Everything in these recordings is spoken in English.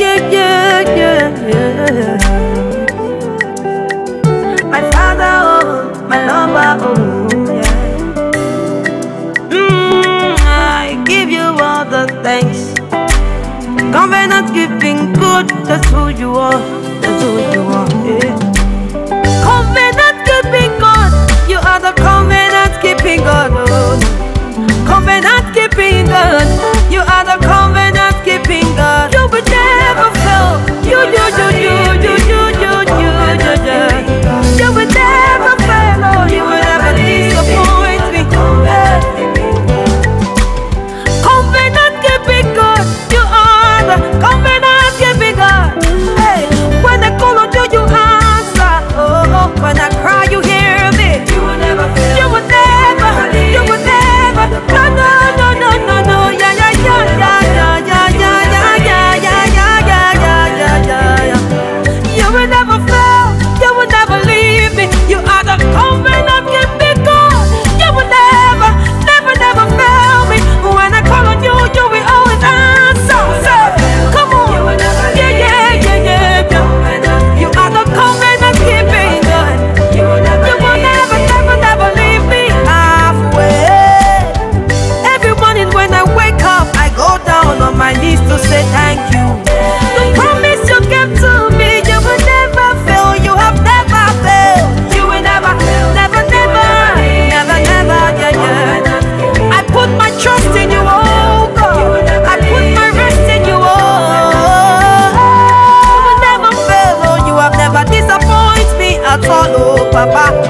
yeah, yeah, yeah, yeah. My father, oh, my lover, oh, yeah. Mm, I give you all the thanks. Covenant keeping good, that's who you are, that's who you are, yeah. Covenant keeping God, you are the covenant keeping God, oh. Covenant keeping God.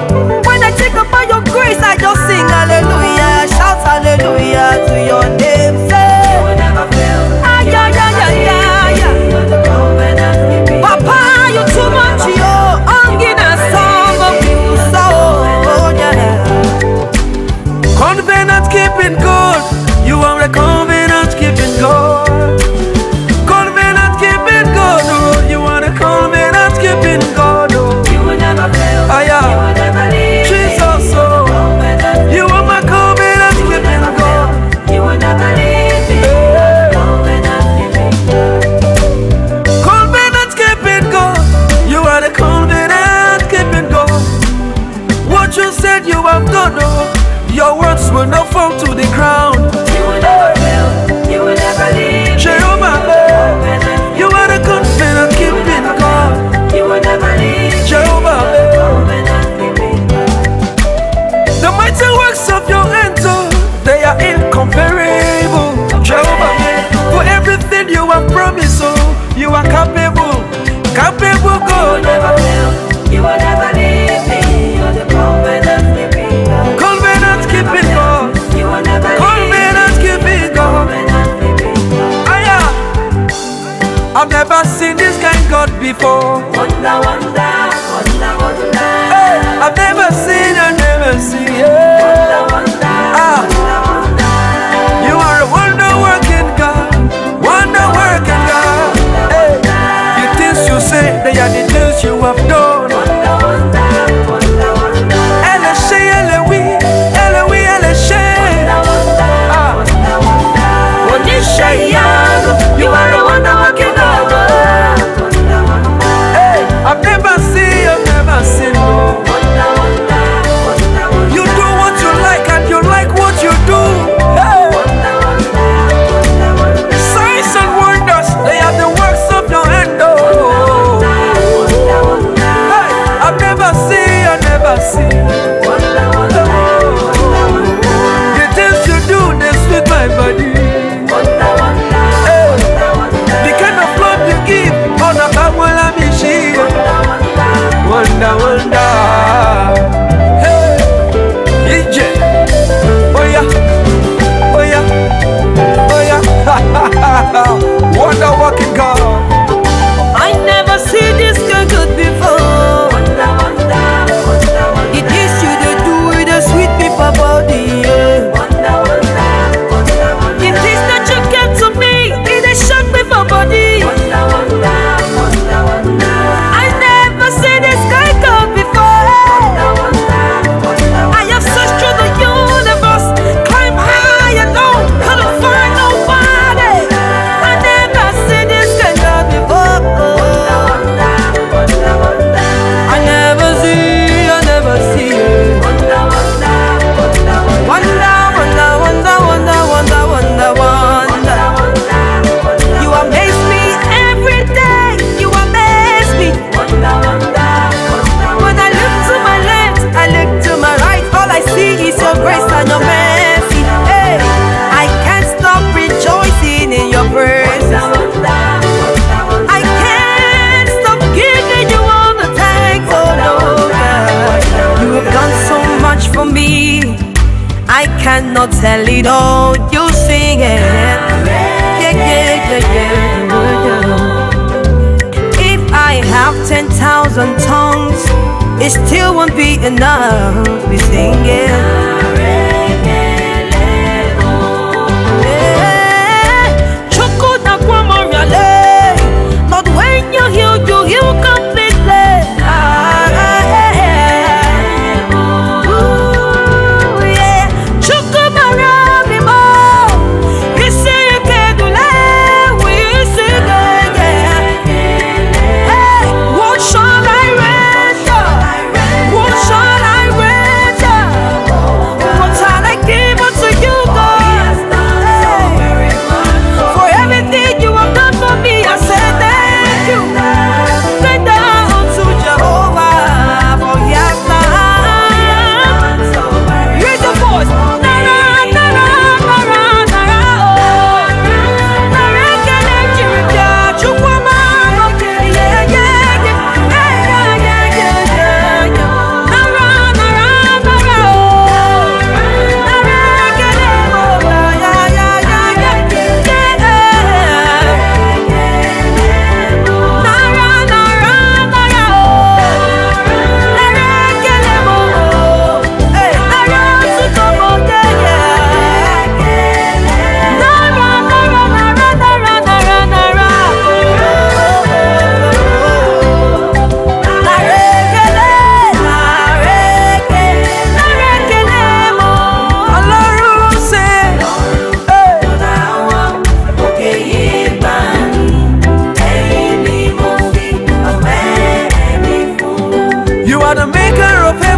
Bye. I cannot tell it all, you sing it. Yeah, yeah, yeah, yeah. If I have 10,000 tongues, it still won't be enough. We sing it. maker of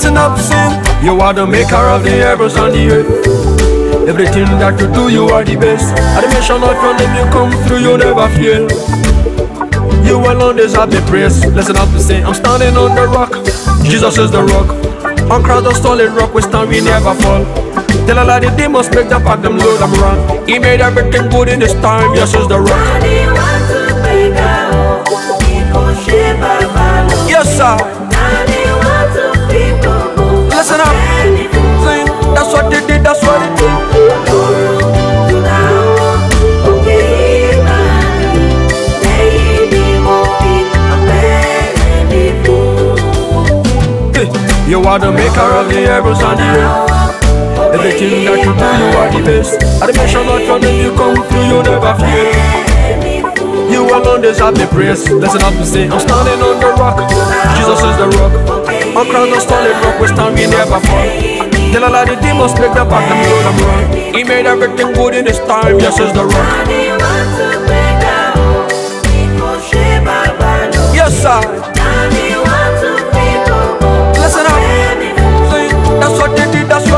Listen up, sing. You are the maker of the heavens and the earth. Everything that you do, you are the best. At the mission of your name, you come through, you never fail. You alone deserve the praise. Listen up and say, I'm standing on the rock. Jesus is the rock. On crowd of solid rock, we stand, we never fall. Tell a lot of demons, make them pack them load, I'm wrong. He made everything good in his time, yes, is the rock. Yes, sir. what did, that's what did. You are the maker of the heavens and the earth. Everything that you do, you are the best. At the mention of your name, you come through, you never fear. You alone deserve the praise. Listen up and say, I'm standing on the rock. Jesus is the rock. I'm crowned on solid rock, we stand, we never fall. Tell a lot of demons, make the bottom to the ground. He made everything good in his time, yes, is the rock. Yes, sir. Listen up. That's what they did, that's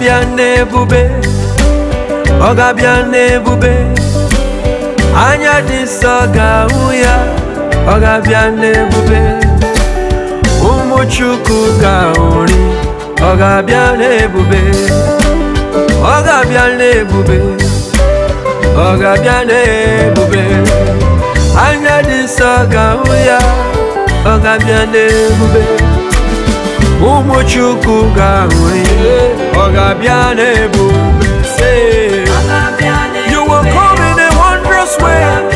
ga-abịa n'ebube ọ ga-abịa n'ebube anya dị nsọ ga-ahụ ya ọ ga-abịa n'ebube ụmụchukwu Chukwu ga-ahụri ọ ga-abịa n'ebube ọ ga-abịa anya dị nsọ ga-ahụ ya ọ ga-abịa n'ebube say you will come in a wondrous way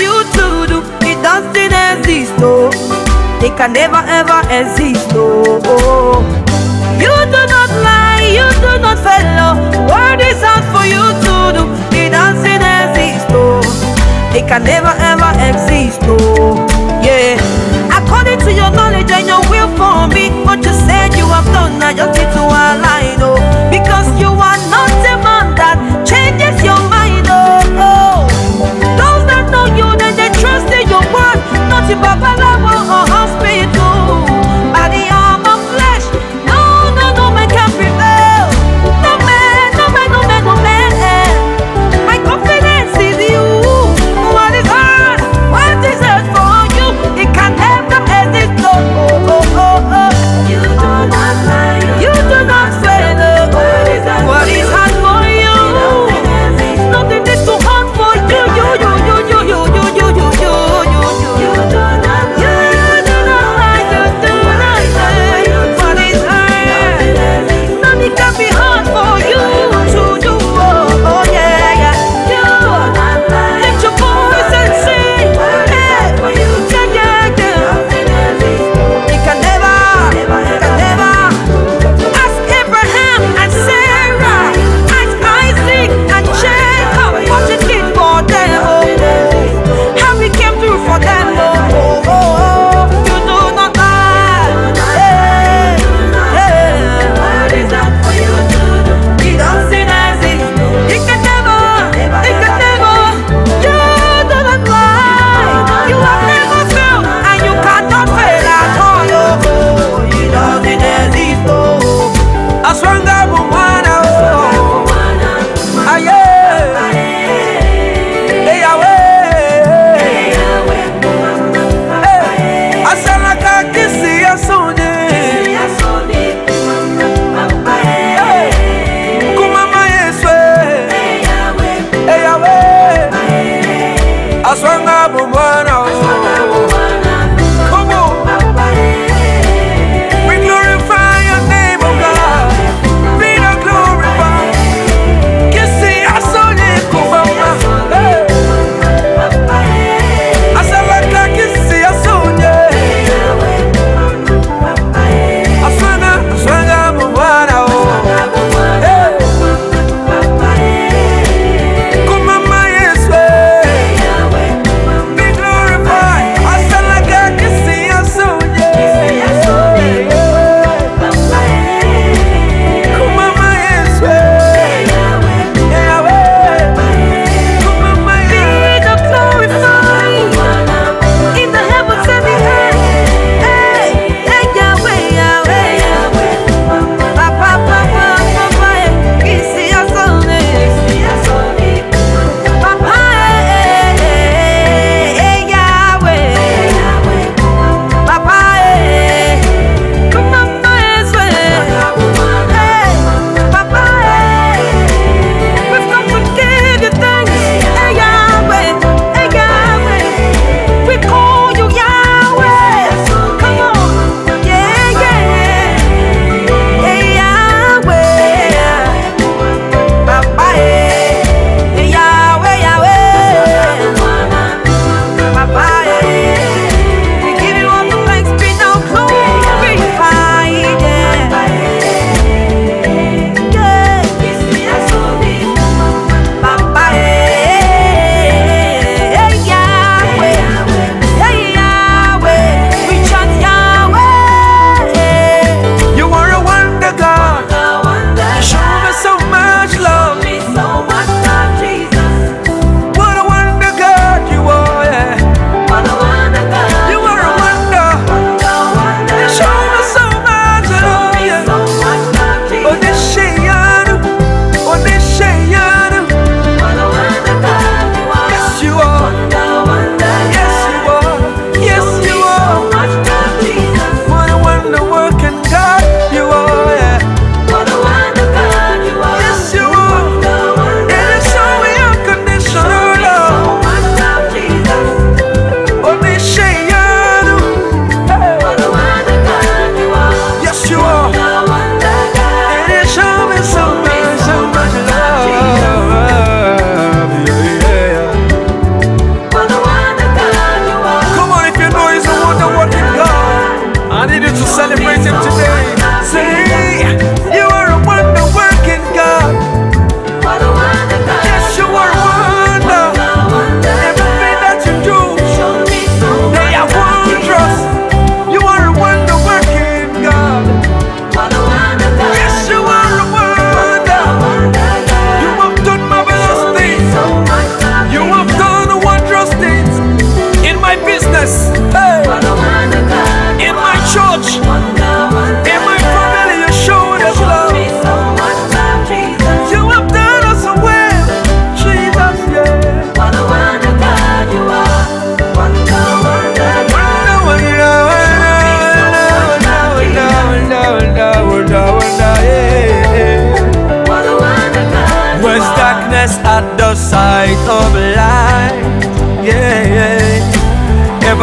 you to do It doesn't exist, no It can never ever exist, oh. You do not lie, you do not follow Word is out for you to do It doesn't exist, no It can never ever exist, oh. Yeah According to your knowledge and your will for me What you said you have done, I just need to align, no Because you ti bàbá náà.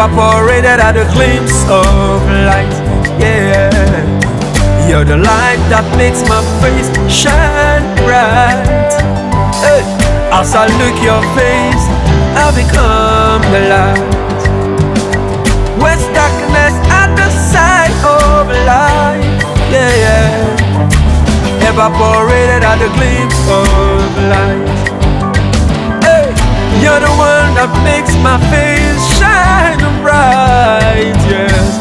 evaporated at a glimpse of light. Yeah, you're the light that makes my face shine bright. Hey. As I look your face, I become the light. Where's darkness at the side of light. Yeah, yeah. Evaporated at the glimpse of light. You're the one that makes my face shine bright, yes.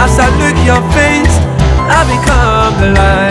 As I look your face, I become the light.